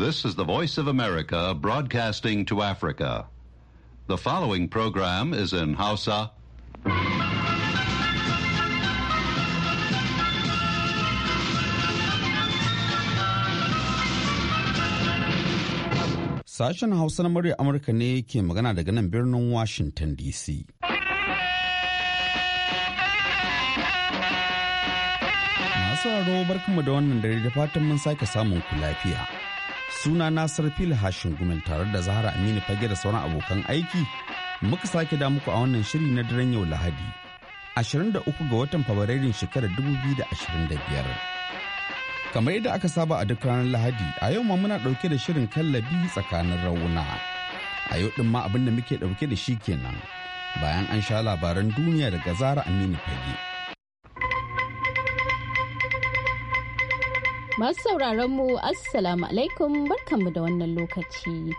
This is the Voice of America broadcasting to Africa. The following program is in Hausa. Sashen Hausa na murya Amurka ne ke magana daga nan birnin Washington DC. Masu raro barkanmu da wannan dare da fatan mun sake samun ku lafiya. suna nasar fil hashin gumel tare da zahara aminu fage da sauran abokan aiki muka sake da muku a wannan shiri na daren yau lahadi 23 ga watan fabrairun shekarar 2025 kamar yadda aka saba a duk ranar lahadi a yau ma muna dauke da shirin kallabi tsakanin rauna a yau din ma abin da muke dauke da shi kenan bayan an sha labaran duniya daga Zahra aminu fage Masu sauraron mu Assalamu alaikum barkanmu da wannan lokaci.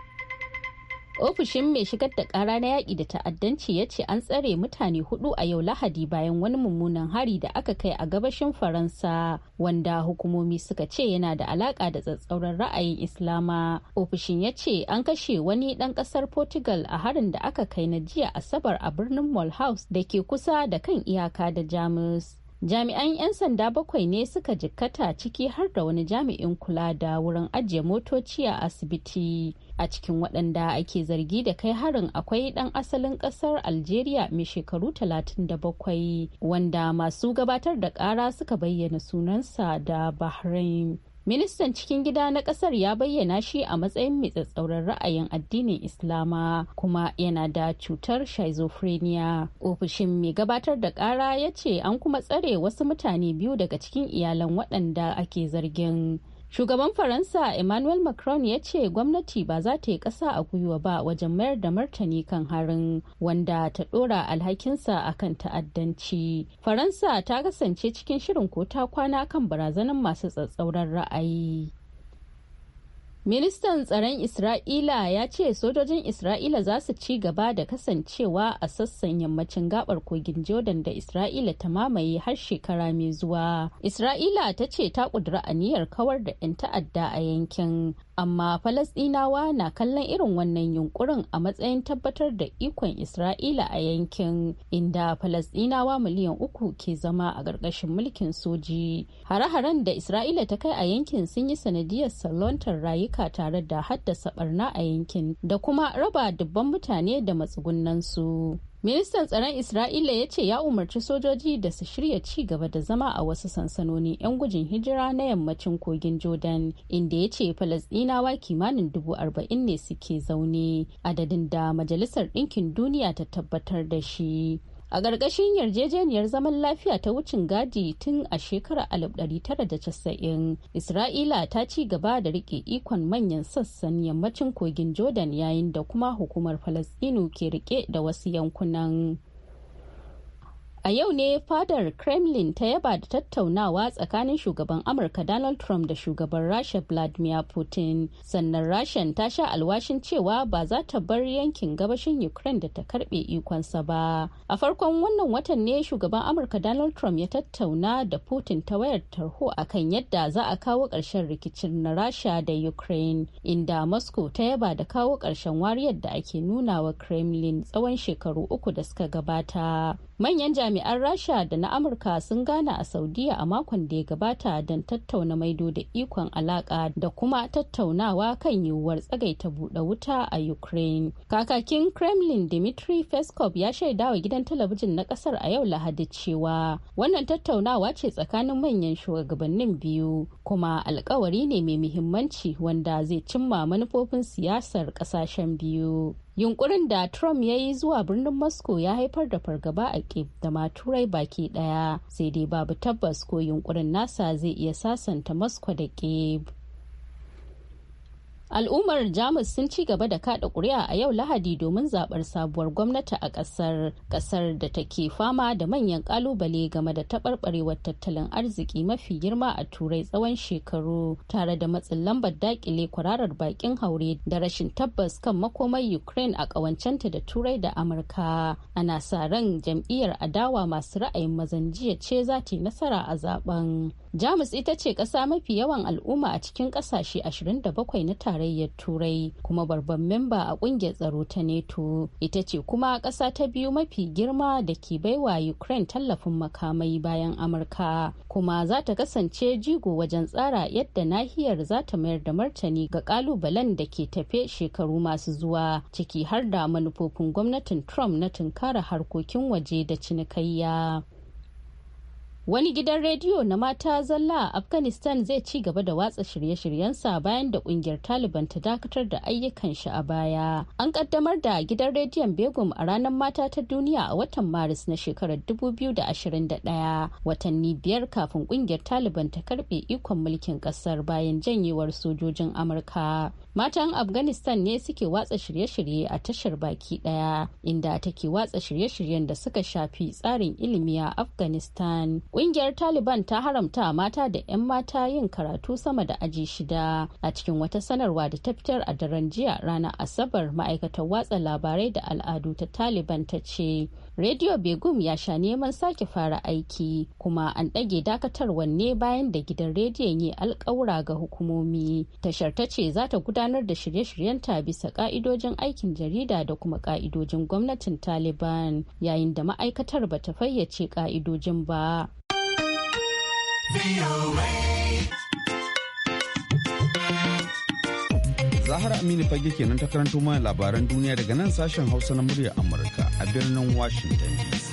Ofishin mai shigar da kara na yaƙi da ta'addanci ya ce an tsare mutane hudu a yau Lahadi bayan wani mummunan hari da aka kai a gabashin Faransa wanda hukumomi suka ce yana da alaƙa da tsatsauran ra'ayin Islama. Ofishin ya ce an kashe wani ɗan ƙasar Portugal a harin da aka kai na jiya Asabar a birnin Mulhouse da ke kusa da kan iyaka da Jamus. jami'an 'yan sanda bakwai ne suka jikkata ciki har da wani jami'in kula da wurin ajiye motoci a asibiti a cikin waɗanda ake zargi da kai harin akwai ɗan asalin ƙasar algeria mai shekaru 37 wanda masu gabatar da ƙara suka bayyana sunansa da bahrain ministan cikin gida na kasar ya bayyana shi a matsayin mai tsatsauran ra'ayin addinin islama kuma yana da cutar schizophrenia ofishin mai gabatar da ƙara ya ce an kuma tsare wasu mutane biyu daga cikin iyalan waɗanda ake zargin Shugaban Faransa Emmanuel Macron ya ce gwamnati ba za ta yi ƙasa a gwiwa ba wajen mayar da martani kan harin wanda ta ɗora alhakinsa a kan ta'addanci. Faransa ta kasance cikin shirin ko kwana kan barazanar masu tsatsauran ra'ayi. Ministan tsaron Isra'ila ya ce sojojin Isra'ila za su ci gaba da kasancewa a sassan yammacin gabar kogin Jordan da Isra'ila ta mamaye har shekara mai zuwa. Isra'ila ta ce ta kudura aniyar kawar da 'yan ta'adda a yankin. amma Falasɗinawa na kallon irin wannan yunkurin a matsayin tabbatar da ikon isra'ila a yankin inda Falasɗinawa miliyan uku ke zama a ƙarƙashin mulkin soji hare-haren da isra'ila ta kai a yankin sun yi sanadiyar salontar rayuka tare da haddasa barna a yankin da kuma raba dubban mutane da matsugunansu ministan tsaron isra'ila ya ce ya umarci sojoji da su shirya ci gaba da zama a wasu sansanoni 'yan gujin hijira na yammacin kogin jordan inda ya ce falasdinawa kimanin dubu arba'in ne suke zaune adadin da majalisar ɗinkin duniya ta tabbatar da shi a ƙarƙashin yarjejeniyar zaman lafiya ta wucin gadi tun a shekarar 1990 isra'ila ta ci gaba da rike ikon manyan sassan yammacin kogin jordan yayin da kuma hukumar falasɗinu ke rike da wasu yankunan A yau ne fadar Kremlin ta yaba da tattaunawa tsakanin shugaban Amurka Donald Trump da shugaban Rasha Vladimir Putin. Sannan Rashan ta sha alwashin cewa ba za ta bar yankin gabashin Ukraine da ta karbe ikonsa ba. A farkon wannan watan ne shugaban Amurka Donald Trump ya tattauna da Putin ta wayar tarho a kan yadda za a kawo ƙarshen rikicin na Rasha da Ukraine, inda Moscow ta yaba da kawo ƙarshen wariyar da ake nuna wa Kremlin tsawon shekaru uku da suka gabata. Manyan jami'an rasha da na amurka sun gana a saudiya a makon da ya gabata don tattauna maido da ikon alaka da kuma tattaunawa kan yiwuwar tsagaita buɗe wuta a ukraine kakakin kremlin dmitry peskov ya shaidawa gidan talabijin na ƙasar a yau lahadi cewa wannan tattaunawa ce tsakanin manyan shugabannin biyu kuma alkawari ne mai muhimmanci wanda zai cimma manufofin siyasar ƙasashen biyu yunkurin da trump ya yi zuwa birnin moscow ya haifar da fargaba a kiev da maturai baki daya sai dai babu tabbas ko yunkurin nasa zai iya sasanta moscow da kiev al'ummar jamus sun ci gaba da kada kuri'a a yau lahadi domin zabar sabuwar gwamnati a kasar kasar da take fama da manyan kalubale game da taɓarɓarewar tattalin arziki mafi girma a turai tsawon shekaru tare da matsin lambar dakile kwararar bakin haure da rashin tabbas kan makomar ukraine a kawancanta da turai da amurka ana sa ran jam'iyyar adawa masu ra'ayin mazan jiya ce za ta yi nasara a zaben jamus ita ce ƙasa mafi yawan al'umma a cikin ƙasashe 27 na tare tarayyar turai kuma babban memba a kungiyar tsaro ta neto ita ce kuma ƙasa ta biyu mafi girma da ke baiwa ukraine tallafin makamai bayan amurka kuma za ta kasance jigo wajen tsara yadda nahiyar za ta mayar da martani ga kalubalen da ke tafe shekaru masu zuwa ciki har da manufofin gwamnatin trump na tunkara harkokin waje da cinikayya Wani gidan rediyo na mata zalla a Afghanistan zai ci gaba da watsa shirye-shiryensa bayan da kungiyar Taliban ta dakatar da ayyukan shi a baya. An kaddamar da gidan rediyon Begum a ranar mata ta duniya a watan Maris na shekarar 2021, watanni biyar kafin kungiyar Taliban ta karbe ikon mulkin kasar bayan janyewar sojojin Amurka. matan afghanistan ne suke watsa shirye-shirye a tashar baki daya inda take watsa shirye-shiryen da suka shafi tsarin ilimi a afghanistan kungiyar taliban ta haramta mata da 'yan mata yin karatu sama da aji shida a cikin wata sanarwa da ta fitar a daren jiya ranar asabar ma'aikatar watsa labarai da al'adu ta taliban ta ce rediyo begum ya sha neman sake fara aiki kuma an ɗage dakatarwan ne bayan da gidan rediyon yi alkawura ga hukumomi tashar ta ce za ta gudanar da shirye shiryen ta bisa ka'idojin aikin jarida da kuma ka'idojin gwamnatin taliban yayin da ma'aikatar ba ta fayyace ka'idojin ba Zahra Aminu fage kenan ta karanto mana labaran duniya daga nan sashen Hausa na muryar Amurka a birnin Washington DC.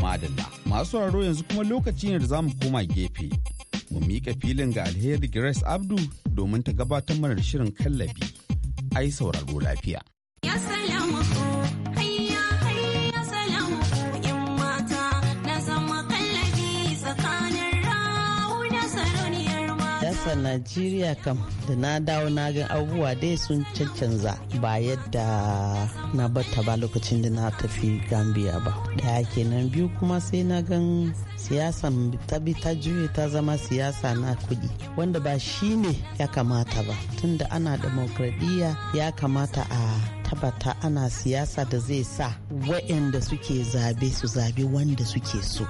Madalla, masu sauraro yanzu kuma lokaci ne da za mu koma gefe. Mu miƙa filin ga alheri Grace Abdu domin ta gabatar mana da shirin kallabi. Ai sauraro lafiya. najeriya kam da na dawo na ga abubuwa dai sun cancanza ba yadda na batta ba lokacin da na tafi gambia ba daya kenan biyu kuma sai na gan siyasan ta bi ta juye ta zama siyasa na kudi wanda ba shi ne ya kamata ba tunda ana demokradiyya ya kamata a tabbata ana siyasa da zai sa waɗanda suke zabe su zabe wanda suke so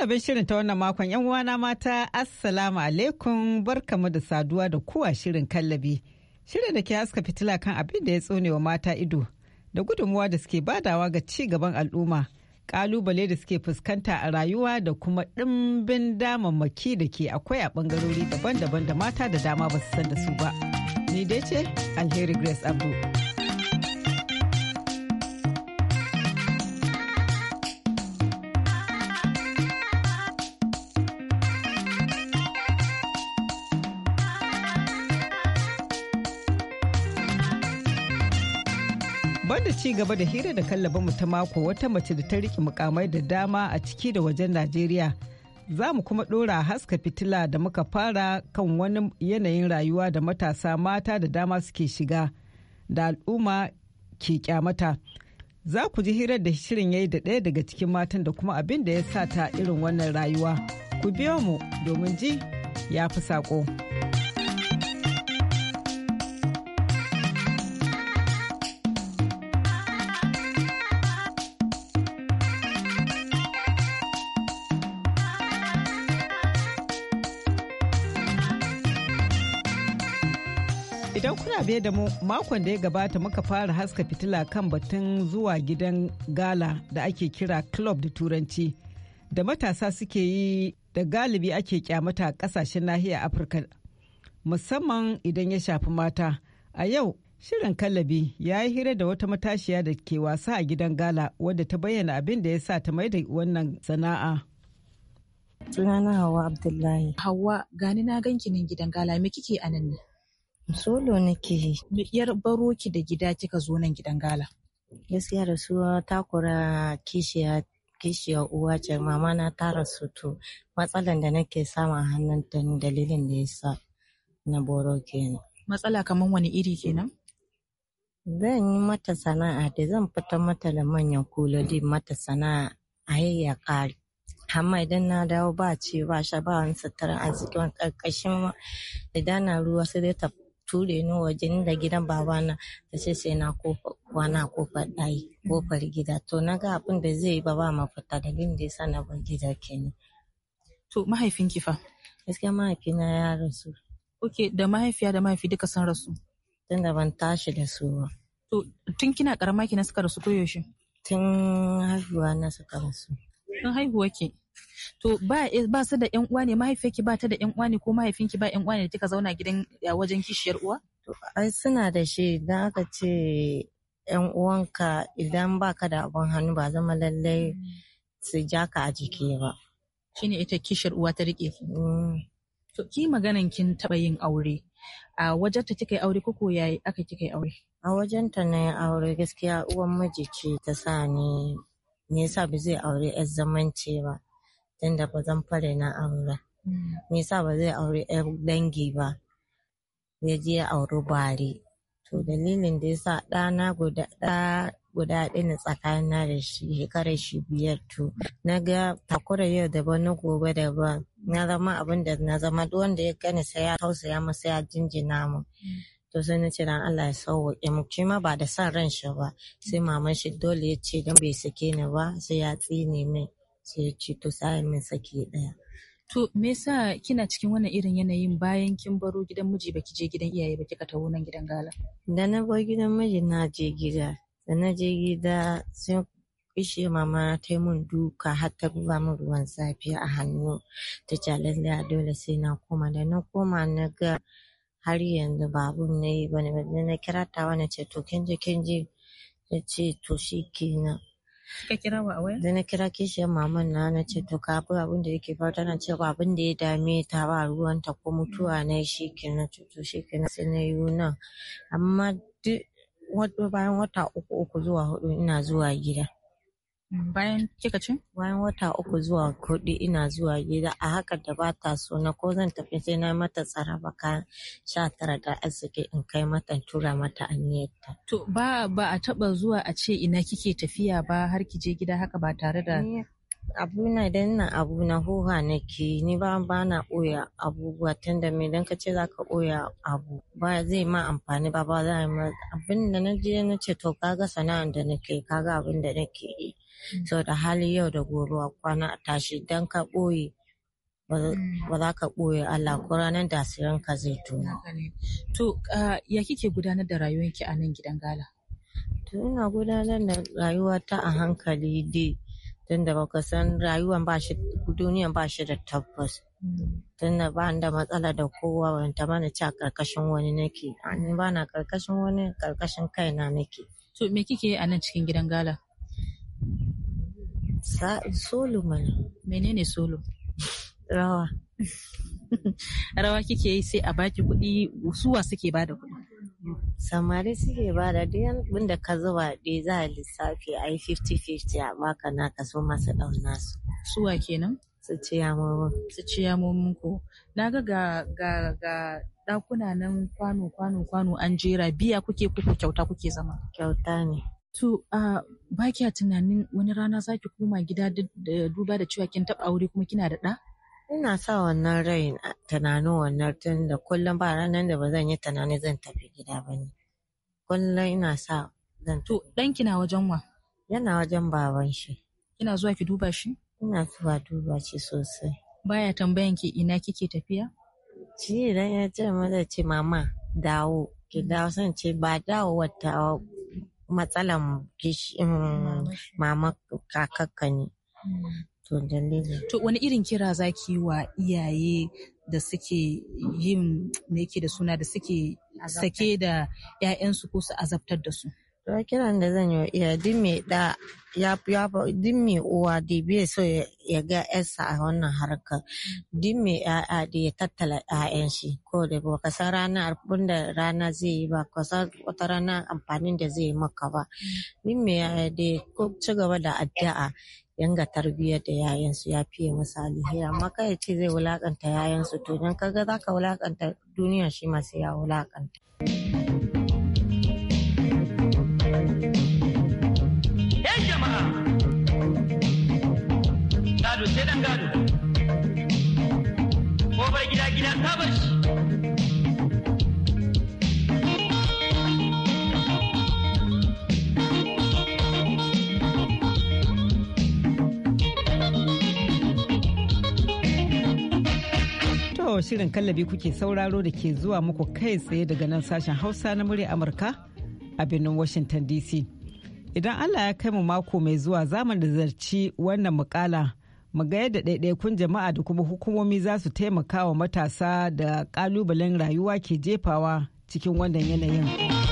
labin shirin ta wannan makon yan uwana mata assalamu alaikum barkamu da saduwa da kuwa shirin kallabi. Shirin da ke haska fitila kan abin da ya tsonewa wa mata ido da gudunmuwa da suke badawa ga ci gaban al'umma. kalubale da suke fuskanta a rayuwa da kuma ɗimbin damammaki da ke akwai a bangarori daban-daban da mata da dama ba su san da su ba. Ni dai ce Alheri Grace Abdul. da ci gaba da hira da kallaba mu ta mako wata mace da ta riƙe mukamai da dama a ciki da wajen Najeriya. Za mu kuma ɗora haska fitila da muka fara kan wani yanayin rayuwa da matasa mata da dama suke shiga da al'umma ke kyamata. Za ku ji hirar da shirin yayi da ɗaya daga cikin matan da kuma abin da ya sa ta irin wannan rayuwa. Ku biyo mu domin ji ya fi saƙo. biye da mu makon da ya gabata muka fara haska fitila kan batun zuwa gidan gala da ake kira club da turanci da matasa suke yi da galibi ake kyamata a kasashen nahiyar afirka musamman idan ya shafi mata a yau shirin kallabi ya yi hira da wata matashiya da ke wasa a gidan gala wadda ta bayyana abin da ya sa ta maida wannan sana'a sunana hawa abdullahi hawa gani na ganki nan gidan gala me kike a nan ne Solo nake yi. Yar baro ki da gida kika zo nan gidan gala. Gaskiya da su takura kishiya kishiya uwa ce mama na ta rasu to matsalan da nake samu a hannun ta dalilin da yasa na boro kenan. Matsala kamar wani iri kenan? Zan yi mata sana'a da zan fita mata da manyan kulodi mata sana'a a ya kare. amma idan na dawo ba ce ba sha ba wani sutura a jikin ƙarƙashin idan na ruwa sai dai ta ture ni waje da gidan babana ta ce sai na kwana kofar ɗayi kofar gida to na ga abin da zai yi ba ba mafita gini da yasa na bar gida kenan. To mahaifin ki fa? Gaskiya mahaifina ya rasu. Ok da mahaifiya da mahaifi duka san rasu. Tun da ban tashi da su ba. To tun kina karama kina suka rasu ko yaushe? Tun haihuwa na suka rasu. Tun haihuwa ke? to ba eh, ba su da yan uwa ne mahaifiyarki ba ta da yan uwa ne ko mahaifinki ba yan uwa ne da kika zauna gidan wajen kishiyar uwa to ai suna da shi idan aka ce yan uwanka idan baka da abun hannu ba zama lallai hmm. su ja ka a jiki ba shine ita kishiyar uwa ta rike hmm. to ki maganan kin taba yin aure a wajen ta kika yi aure ko yayi aka kika yi aure a wajen ta na aure gaskiya uwan miji ce ta sa ni me sa ba zai aure yar zamanci ba da ba zan fara na aure. Hmm. me yasa ba zai aure ɗan dangi ba ya je ya auri bare to dalilin da yasa ɗana guda ɗa guda ɗaya tsakanina da shi shekarar shi biyar to na ga takura yau da ba na gobe da ba. na zama abin da na zama duk wanda ya gani sai ya tausaya mu sai ya jinjina mu to sai na ce dan Allah ya sauwaƙe mu shi ma ba da son ran shi ba sai maman shi dole ya ce dan bai sake ni ba sai ya tsine min sai ya ce to sai min saki ɗaya. To me yasa kina cikin wannan irin yanayin bayan kin baro gidan miji baki je gidan iyaye ba kika tawo nan gidan gala? Da na bar gidan miji na je gida, da na je gida sai ishe mama ta mun duka har ta zuba min ruwan safiya, a hannu ta jalan da dole sai na koma da na koma na ga har yanzu babur na yi wani na kira ta wani ce to kinje kinje ya ce to shi kenan Kika kira kishiyar maman na na ce to ka bi abin da yake faru tana cewa abin da ya dame ta ba ruwanta ko mutuwa na shi kenan cuto shi kenan sai na yi nan amma duk bayan wata uku uku zuwa hudu ina zuwa gida. bayan kika ce bayan wata uku zuwa kudi ina zuwa gida a haka da ba ta so na ko zan tafi sai na mata tsara baka sha tara da arziki in kai mata tura mata aniyarta to ba ba a taba zuwa a ce ina kike tafiya ba har ki je gida haka ba tare da abuna idan ina abuna huhwa nake yi ni ba bana ɓoye abubuwa tunda me dan kace zaka ɓoye abu ba zai ma amfani ba ba za ma abin da na je na ce to kaga sana'an da nake kaga abin da nake yi mm. so da hali yau da gobe kwana a tashi dan ka ɓoye mm. ba za ka ɓoye Allah ko ranar da ka zai tuna. To ya kike gudanar da rayuwarki a nan gidan gala? To ina gudanar da rayuwata a hankali dai. tunda baka san rayuwan ba shi duniyan ba shi da tabbas tunda ba da matsala da kowa ban ta mana ci a karkashin wani nake ni ba na karkashin wani karkashin kaina nake to me kike yi a nan cikin gidan gala solo mana menene solo rawa rawa kike yi sai a baki kuɗi suwa suke bada kuɗi samari suke ba da duk abinda ka zuba dai za a lissafi a yi 50-50 a baka na ka masu ɗauna su. Suwa kenan? Su ci yamomin. Su ci yamomin ko. Na ga ga ga ga ɗakuna nan kwano kwano kwano an jera biya kuke kuku kyauta kuke zama. Kyauta ne. To a ba kya tunanin wani rana za ki koma gida duba da cewa kin taɓa aure kuma kina da ɗa? Ina sa wannan rai tunanin wannan tun da kullum ba ranar da ba zan yi tunanin zan tafi gida ba ne. Kullum ina sa zan To ɗanki na wajen wa? Yana wajen baban shi. Kina zuwa ki duba shi? Ina zuwa duba shi sosai. Baya tambayan ki ina kike tafiya? Shi idan ya ce zai ce mama dawo ki dawo san ce ba dawo wata matsalan mm, mama kakakka ne. To wani irin kira za ki yi wa iyaye da suke yin me yake da suna da suke sake da 'ya'yansu ko su azabtar da su? To kiran da zan yi wa iyaye mai da ya duk mai uwa da biya so ya ga yarsa a wannan harkar duk mai ya'ya da ya tattala ya'yan shi ko da ba ka san rana abin da rana zai yi ba ka san wata rana amfanin da zai yi maka ba duk mai ya'ya da ya ci gaba da addu'a yanga tarbiyyar da yayansu ya fiye misali hira amma kai ya ce zai wulakanta yayansu to don kaga zaka wulakanta duniya shi masu ya wulakanta jama'a gado sai dan gado ko bai gida gida sabashi shirin kallabi kuke sauraro da ke zuwa muku kai tsaye daga nan sashen Hausa na murya Amurka a birnin Washington DC. Idan Allah ya kai mu mako mai zuwa zamu da zarci wannan mukala mu ga yadda ɗaiɗaikun jama'a da kuma hukumomi za su taimaka wa matasa da ƙalubalen rayuwa ke jefawa cikin wannan yanayin.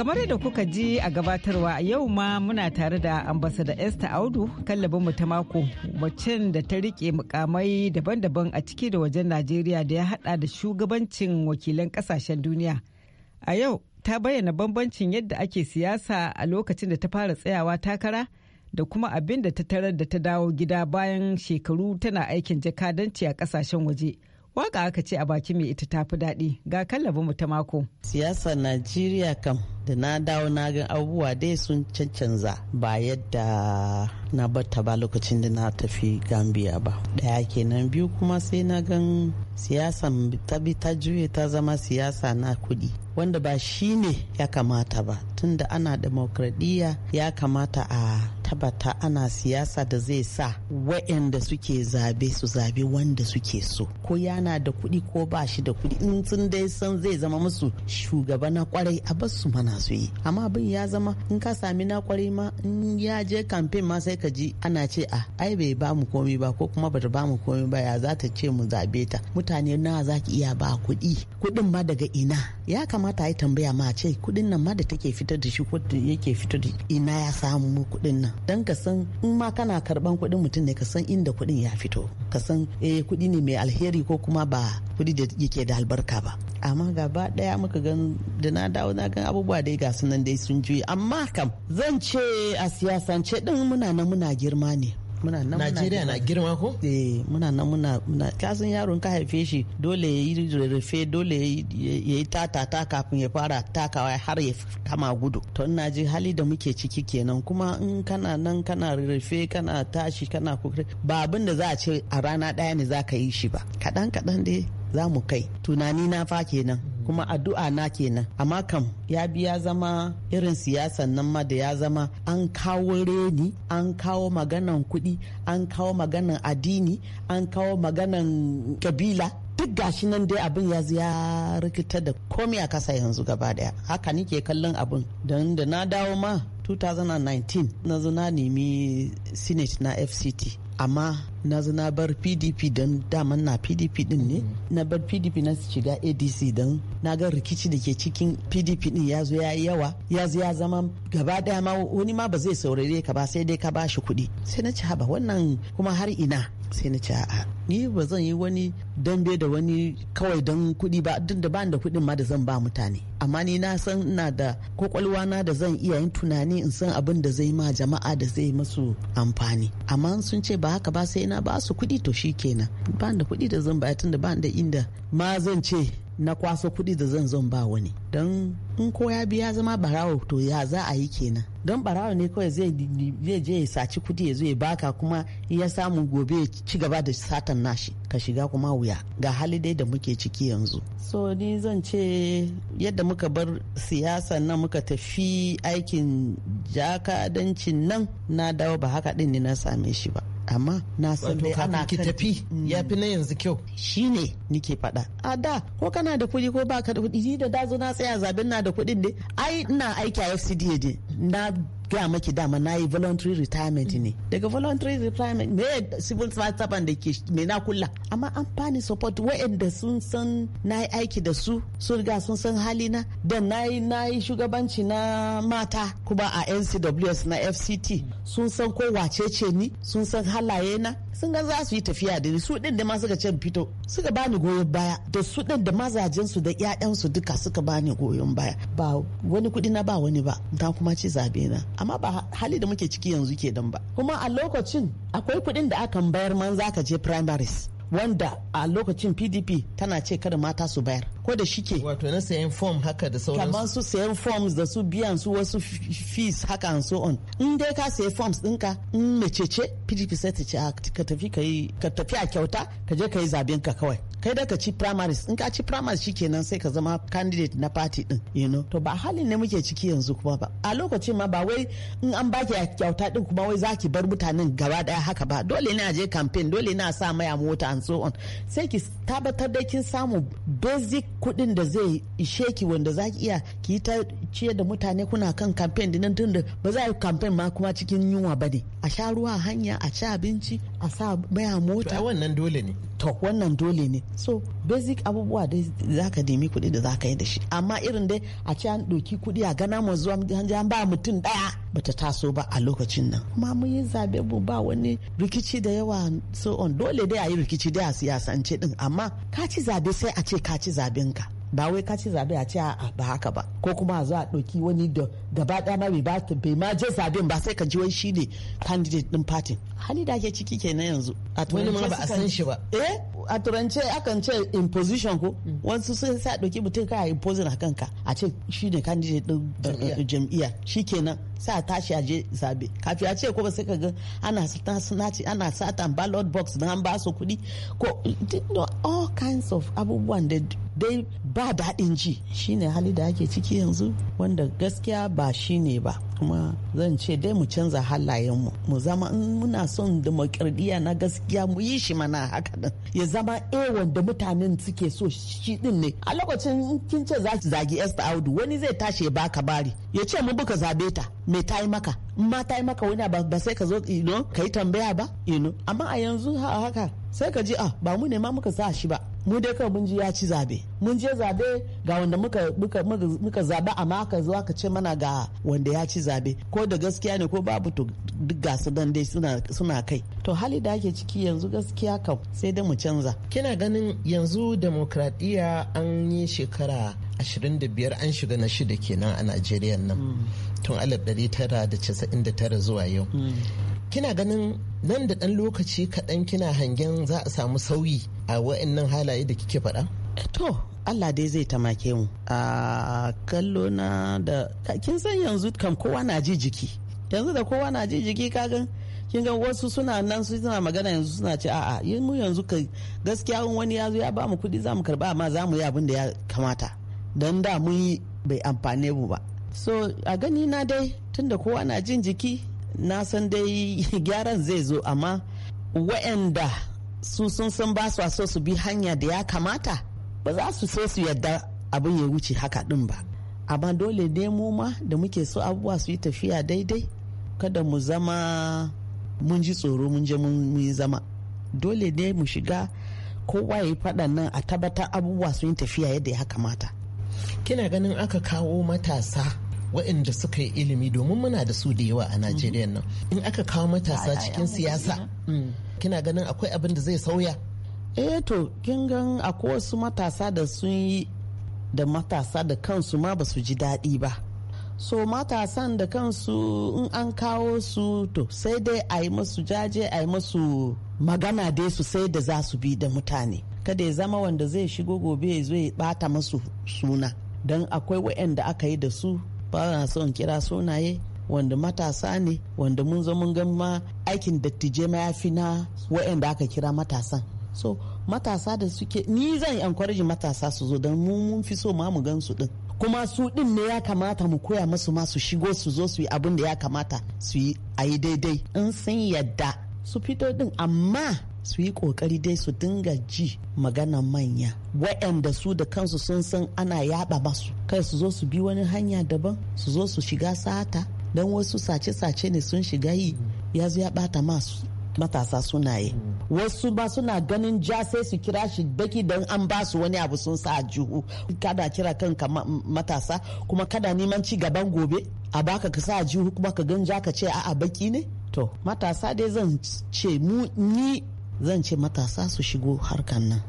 kamar yadda kuka ji a gabatarwa yau ma muna tare da ambasada esther audu kallabin mu ta mako macen da ta rike mukamai daban-daban a ciki da wajen najeriya da ya hada da shugabancin wakilan kasashen duniya a yau ta bayyana bambancin yadda ake siyasa a lokacin da ta fara tsayawa takara da kuma abin da ta tarar da ta dawo gida bayan shekaru tana aikin jakadanci a kasashen waje. waka aka ce a baki mai ita tafi daɗi ga kallabin mu ta mako. Siyasar Najeriya kam da na dawo na ga abubuwa dai sun cancanza ba yadda na batta ba lokacin da na tafi gambia ba daya kenan biyu kuma sai na gan siyasa ta bi ta juye ta zama siyasa na kudi wanda ba shi ne ya kamata ba tunda ana demokradiyya ya kamata a tabbata ana siyasa da zai sa waɗanda suke zabe su zabe wanda suke so ko yana da kuɗi ko ba shi da kuɗi in sun dai san zai zama musu shugaba na kwarai a basu mana su yi amma abin ya zama in ka sami na kwarai ma in ya je kamfen ma sai ka ji ana ce a ah, ai bai ba mu komi ba ko kuma bata ba mu komi ba ya za ce mu zabe ta mutane na zaki iya ba kuɗi kuɗin ma daga ina ya kamata a tambaya ma ce kuɗin nan ma da take fitar da shi ko yake fitar da ina ya samu kuɗin nan dan ka san in ma kana karban kuɗin mutum ne ka san inda kuɗin ya fito ka san eh kuɗi ne mai alheri ko kuma ba kuɗi da yake da albarka ba amma gaba daya muka gan da na dawo na gan abubuwa dai ga sunan dai sun juyi amma kam zan ce a siyasance ɗin muna na muna girma ne muna nan Najeriya na girma ko eh muna nan muna muna kasan yaron ka haife shi dole ya yi rarrafe dole ya yi ta-ta-ta kafin ya fara takawa har ya kama gudu to ina ji hali da muke ciki kenan kuma in kana nan kana rarrafe kana tashi kana kokari ba abin da za a ce a rana daya ne za ka yi shi ba kadan kadan dai za mu kai tunani na fa kenan kuma addu'a na kenan amma kam ya bi ya zama irin siyasan nan ma da ya zama an kawo reni an kawo maganan kuɗi an kawo maganan addini an kawo maganan kabila duk gashi nan dai abin ya ya rikita da komi a kasa yanzu gaba daya haka nike kallon abin don da na dawo ma 2019 na zo na nemi senate na fct amma na na bar pdp don daman na pdp din ne mm-hmm. na bar pdp na shiga adc don na ga rikici da ke cikin pdp din ya zo ya yi yawa ya zo ya zama gaba daya ma wani ma ba zai saurare ka ba sai dai ka ba shi kuɗi sai na ci haba wannan kuma har ina sai na ce a'a ni ba zan yi wani dambe da wani kawai don kuɗi ba duk da ba da kuɗin ma da zan ba mutane amma ni na san ina da kwakwalwa na da zan iya yin tunani in san abin da zai ma jama'a da zai masu amfani amma sun ce ba haka ba sai na ba su kuɗi to shikenan ba da kuɗi da zan ba tun da ba da inda ma zan ce na kwaso kuɗi da zan zan ba wani don in ko ya biya zama barawo to ya za a yi kenan don barawo ne kawai zai je ya saci kuɗi ya zo ya baka kuma ya samu gobe ya ci gaba da satan nashi ka shiga kuma wuya ga hali dai da muke ciki yanzu so ni zan ce yadda muka bar siyasa nan muka tafi aikin jakadancin nan na dawo ba haka din ne na same shi ba amma na san dai ana ki tafi ya fi na yanzu kyau shine nike faɗa a da ko kana da kuɗi ko baka da kuɗi ni da dazo na tsaya zaben na da kuɗin ne? ai ina aiki a FCD je na gaya maki dama na yi voluntary retirement ne daga voluntary retirement me civil servant da ke me na kula amma an fani support wa'anda sun san na yi aiki da su sun riga sun san hali na da na yi na yi shugabanci na mata kuma a ncws na fct sun san ko wacece ni sun san halaye na sun ga za su yi tafiya da ni su din da ma suka ce fito suka bani goyon baya da su din da mazajen su da ƴaƴan su duka suka bani goyon baya ba wani kudi na ba wani ba ta kuma ci zabe na amma ba hali da muke ciki yanzu ke dan ba kuma a lokacin akwai kuɗin da aka bayar man zaka je primaries wanda a lokacin pdp tana ce kada mata su bayar ko da shike wato na sayan form haka da sauransu kamar su sayan forms da su biyan su wasu fees haka and so on in dai ka sayi forms ɗinka in mecece pdp sai ta ce ah, ka tafi ka tafi a kyauta ka je ka yi zaben ka kawai kai da ka ci primaries in ka ci primaries kenan sai ka zama candidate na party din you know to ba halin ne muke ciki yanzu kuma ba a lokacin ma ba wai in an baki a kyauta din kuma wai zaki bar mutanen gaba daya haka ba dole ne a je campaign dole ne a sa maya a mota and so on sai ki tabbatar da kin samu basic kudin da zai ishe ki wanda zaki iya ki ta ciyar da mutane kuna kan campaign din tun da ba za a yi campaign ma kuma cikin yunwa ba ne a sha ruwa hanya a ci abinci a sa mai a mota wannan dole ne to wannan dole ne so basic abubuwa dai za ka nemi kuɗi da za ka yi da shi amma irin dai a ce an ɗauki kuɗi a gana mu zuwa an ba mutum ɗaya bata taso ba a lokacin nan kuma mun yi zabe mu ba wani rikici da yawa so on dole dai a yi rikici dai a siyasance din amma ka ci zabe sai a ce ka ci zaben ka ba wai ka ci zabe a ce a ba haka ba ko kuma a zo a ɗauki wani da gaba ɗaya ma bai bai ma je ba sai ka ji wai ne. candidate din party hali da ake ciki kenan yanzu a wani ma ba a san shi ba eh a turance akan ce imposition ko mm. wasu sai sa dauki mutum ka position a kanka a ce shi ne candidate din eh, eh, jam'iyya shikenan sa tashi aje zabe kafin a ce ko ba sai ka ga ana sata snatch ana sata ballot box na an ba su kuɗi ko all kinds of abubuwan da dai ba daɗin ji shine hali da ake ciki yanzu wanda gaskiya ba shine ba kuma zan ce dai mu canza halayenmu mu zama in muna son demokradiyya na gaskiya mu yi shi mana haka nan ya zama e wanda mutanen suke so shi din ne a lokacin kin ce za zagi Esther Audu wani zai tashi ya baka bari ya ce mu buka zabe ta me ta yi maka in ma ta yi maka wani ba sai ka zo ka yi tambaya ba amma a yanzu haka sai ka ji ah ba mu ne ma muka sa shi ba mu dai kawai mun ji ya ci zabe mun je zabe ga wanda muka muka muka zabe amma aka zo ka ce mana ga wanda ya ci zabe ko da gaskiya ne ko babu to duk gasu dan dai suna kai to hali da ake ciki yanzu gaskiya kam sai dai mu canza kina ganin yanzu demokradiya an yi shekara 25 an shiga na shida kenan a Najeriya nan mm. tun 1999 zuwa yau mm. kina ganin nan da ɗan lokaci kaɗan kina hangen za a samu sauyi a wa'annan halaye da kike faɗa? to Allah dai zai tamake mu a kallo na da kin san yanzu kam kowa na ji jiki yanzu da kowa na ji jiki kagan kin ga wasu suna nan su suna magana yanzu suna ce a'a yin mu yanzu ka gaskiya wani ya zo ya ba mu kuɗi za mu karba amma za mu yi abin da ya kamata don da mun yi bai amfane mu ba so a gani na dai tunda kowa na jin jiki na san dai gyaran zai zo amma wa'anda su sun san ba su so su bi hanya da ya kamata ba za su so su yadda abin ya wuce haka din ba amma dole ne mu ma da muke so abubuwa su yi tafiya daidai kada mu zama mun ji tsoro mun je mun yi zama dole ne mu shiga kowa ya yi faɗan nan a tabbatar abubuwa su yi tafiya yadda ya kamata kina ganin aka kawo matasa waɗanda suka yi ilimi domin muna da su da yawa a najeriya mhm. nan in aka kawo matasa cikin siyasa mm, kina ganin akwai abin da zai sauya eh to kin gan akwai wasu matasa da sun yi da matasa da kansu ma ba su ji daɗi ba so matasan da kansu in an kawo su to sai dai a yi masu jaje a yi masu magana dai su sai da za su bi da mutane kada ya zama wanda zai shigo gobe ya zo ya bata masu suna don akwai waɗanda aka yi da su ba na son kira sunaye wanda matasa ne wanda mun zo mun gan ma aikin dattijai ma ya fi na waɗanda aka kira matasan so matasa da suke ni zan encourage matasa su zo don mun fi so ma mu gan su din kuma su din ne ya kamata mu koya musu ma su shigo su zo su yi abin da ya kamata su yi a yi daidai in sun yadda su fito din amma su yi kokari dai su dinga ji maganan manya waɗanda su da kansu sun san ana yaba masu kai su zo su bi wani hanya daban su zo su shiga sata don wasu sace-sace ne sun shiga yi ya zo ya bata masu matasa suna yi mm. wasu ba suna ganin ja sai su kira shi baki don an ba su wani abu sun sa a juhu kada kira kanka matasa kuma kada neman ci gaban gobe a baka ka sa juhu kuma ka ganja ka ce a'a baki ne to matasa dai zan ce mu ni zan ce matasa su shigo harkan nan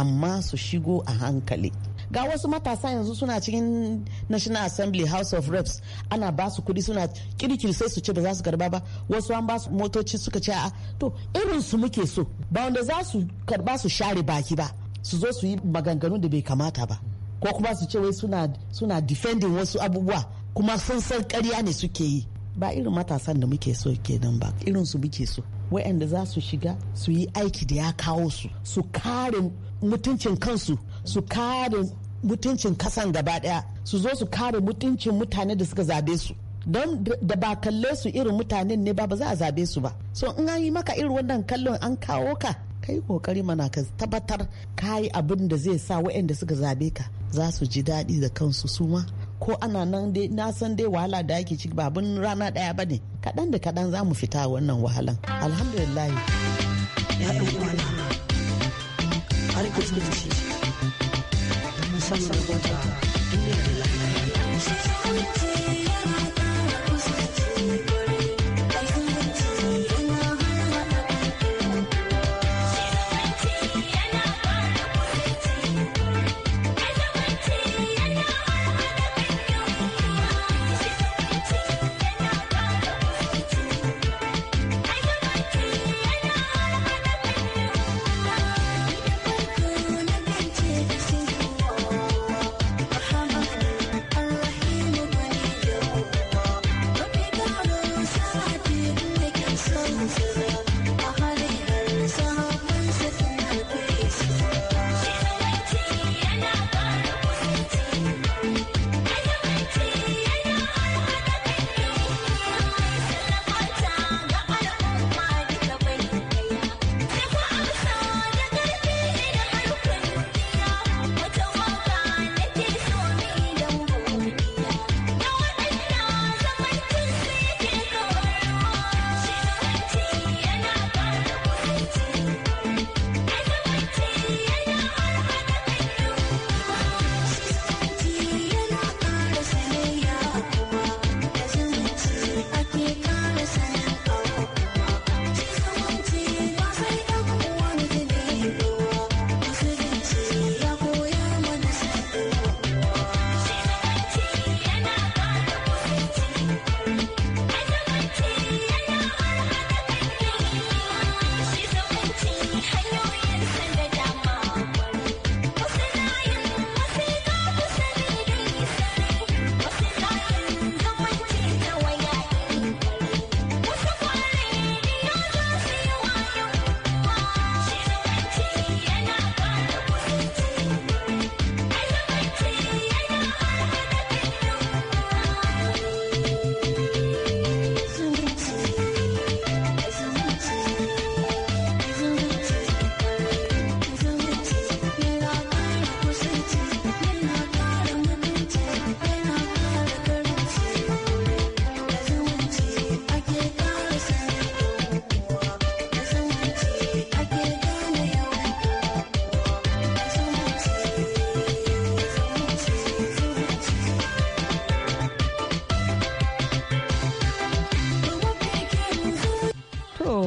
amma su shigo a hankali ga wasu matasa yanzu suna cikin national assembly house of reps ana ba su kudi suna kirkir sai su ce ba za su karba ba wasu an ba su motoci suka ce a to irin su muke so ba wanda za su karba su share baki ba su zo su yi maganganu da bai kamata ba ko kuma su ce wai suna suna defending wasu abubuwa kuma sun san ƙarya ne suke yi ba irin matasan da muke so kenan ba irin su muke so waɗanda za su shiga su yi aiki da ya kawo su su kare mutuncin kansu su kare mutuncin kasan gaba daya su zo su kare mutuncin mutane da suka zabe su don da ba kalle su irin mutanen ne ba ba za a zabe su ba so in an yi maka irin wannan kallon an kawo ka kai kokari mana ka tabbatar ka yi abin da zai sa waɗanda suka zabe ka za su ji daɗi da kansu su ma ko ana nan dai na san dai wahala da ake ciki babun rana daya ba ne kaɗan da kaɗan za mu fita wannan wahalan alhamdulillah ya ɗan kwana har 三三五八。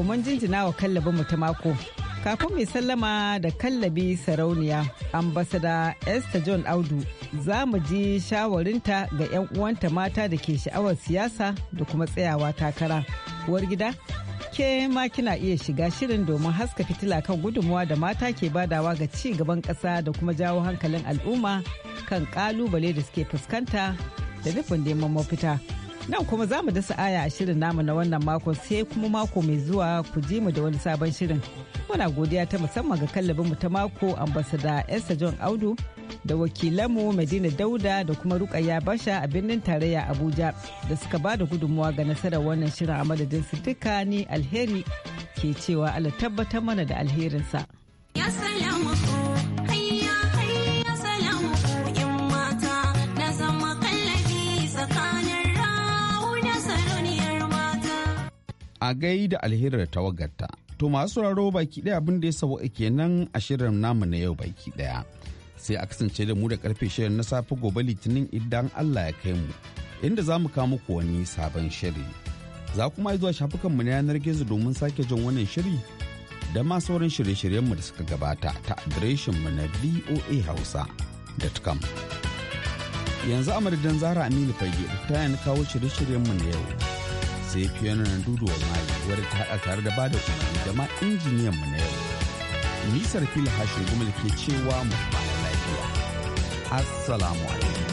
koman mun jinjina wa kallabin mu ta mako. Kafin mai sallama da kallabi sarauniya, ambasada Esther John Audu za mu ji shawarinta ga 'yan uwanta mata da ke sha'awar siyasa da kuma tsayawa takara. Uwar gida, ke ma kina iya shiga shirin domin haska fitila kan gudunmuwa da mata ke badawa ga ci gaban ƙasa da kuma jawo hankalin al'umma kan ƙalubale da suke fuskanta da nufin neman mafita. Nan kuma za mu dasa aya a shirin namu na wannan makon sai kuma mako mai zuwa ku ji mu da wani sabon shirin. Muna godiya ta musamman ga kallabin mu ta mako ambasada Esther John Audu da wakilanmu Madina Dauda da kuma Rukayya Basha a birnin tarayya Abuja da suka ba da gudunmuwa ga nasarar wannan shirin a madadin su duka ni alheri ke cewa Allah tabbatar mana da alherinsa. Ya gai da alherar tawagarta. To masu sauraro baki daya abin da ya sabo nan a shirin namu na yau baki daya. Sai a kasance da mu da karfe shirin na safe gobe litinin idan Allah ya kai mu. Inda za mu kawo muku wani sabon shiri. Za kuma yi zuwa shafukanmu na yanar gizo domin sake jin wannan shiri da ma sauran shirye-shiryenmu da suka gabata ta mu na voahausa.com. Yanzu a madadin zahra Aminu Fage ta yana kawo shirye-shiryenmu na yau. sai fiye na dudu wa mali wadda ta haɗa tare da bada umarni da ma injiniyan mu na yau nisar fil hashin da ke cewa mu ba lafiya assalamu alaikum